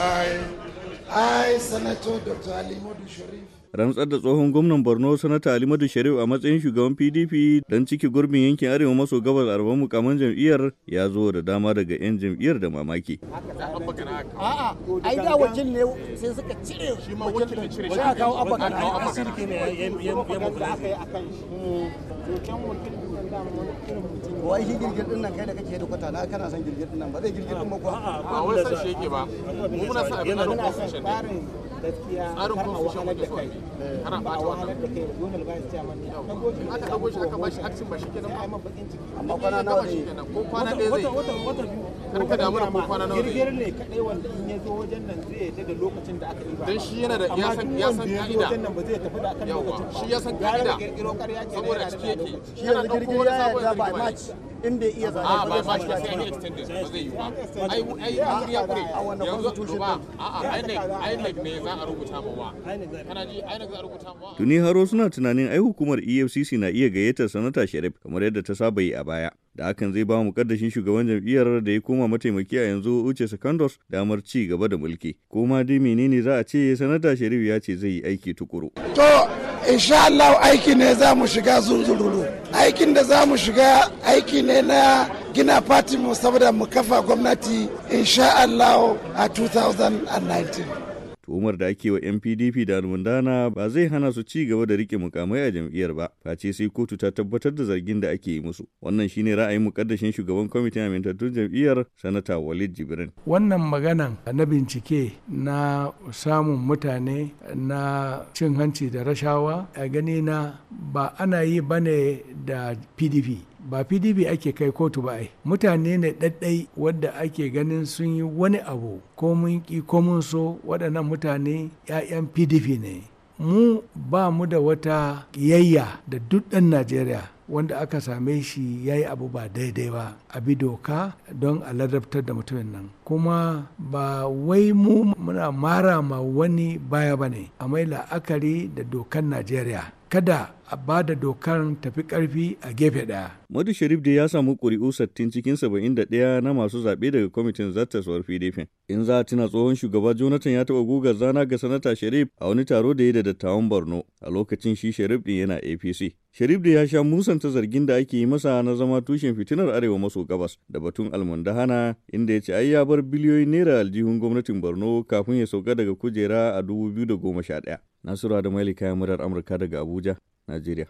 Hi, I, Senator Dr. Ali Modu Sharif. rantsar da tsohon gwamnan borno sanata alimadu sharif a matsayin shugaban pdp don ciki gurbin yankin arewa maso gabas arban mukamman jam'iyyar ya zo da dama daga 'yan jam'iyyar da mamaki wai shi girgir din nan a wai ne Eh, ana ba wa halar da kai Donald Vice Chairman ne aka goshi aka dago shi aka bashi action ba shi kenan ba amma kwana nawa ne ko kwana ɗaya zai wata wata biyu damu da ne kadai wanda in ya zo wajen nan da lokacin da aka dan shi yana a a ne za tuni haro suna tunanin ai hukumar EFCC na iya gayyatar sanata Sharif kamar yadda ta saba yi a baya da hakan zai ba mu kaddashin shugaban jam'iyyar da ya koma mataimaki a yanzu Uche Secondos damar ci gaba da mulki. Ko ma dai menene za a ce sanata Sharif ya ce zai yi aiki tukuru. To insha Allah aiki ne za mu shiga zuzururu. Aikin da za mu shiga aiki ne na gina fatin mu saboda mu kafa gwamnati insha Allah a 2019. Tuhumar da ake wa 'yan PDP da almundana ba zai hana su ci gaba da rike mukamai a jam'iyyar ba, face sai kotu ta tabbatar da zargin da ake yi musu. Wannan shine ra'ayin mukaddashin shugaban kwamitin amintattun jam'iyyar Sanata Walid Jibrin. Wannan magana na bincike na samun mutane na cin hanci da rashawa a gani na ba ana yi bane da PDP. ba pdp ake kai kotu ba mutane ne ɗaɗɗai wadda ake ganin sun yi wani abu ko mun ki ko mun so waɗannan mutane 'ya'yan pdp ne mu ba mu da wata ƙiyayya da duk ɗan najeriya wanda aka same shi ya yi abu ba daidai ba a bi doka don a ladabtar da mutumin nan kuma ba wai mu muna mara ma wani baya ba ne a mai la'akari da dokan najeriya kada a ba da dokar tafi karfi a gefe daya. Madu Sharif dai ya samu ƙuri'u sattin cikin saba'in ɗaya na masu zaɓe daga kwamitin zattaswar PDP. In za a tuna tsohon shugaba Jonathan ya taɓa gugar zana ga sanata Sharif a wani taro da ya da dattawan Borno a lokacin shi Sharif din yana APC. Sharif da ya sha musanta zargin da ake yi masa na zama tushen fitinar arewa maso gabas da batun almundahana inda ya ce ai ya bar biliyoyin naira aljihun gwamnatin Borno kafin ya sauka daga kujera a 2011. Nasiru da kayan murar Amurka daga Abuja, Najeriya.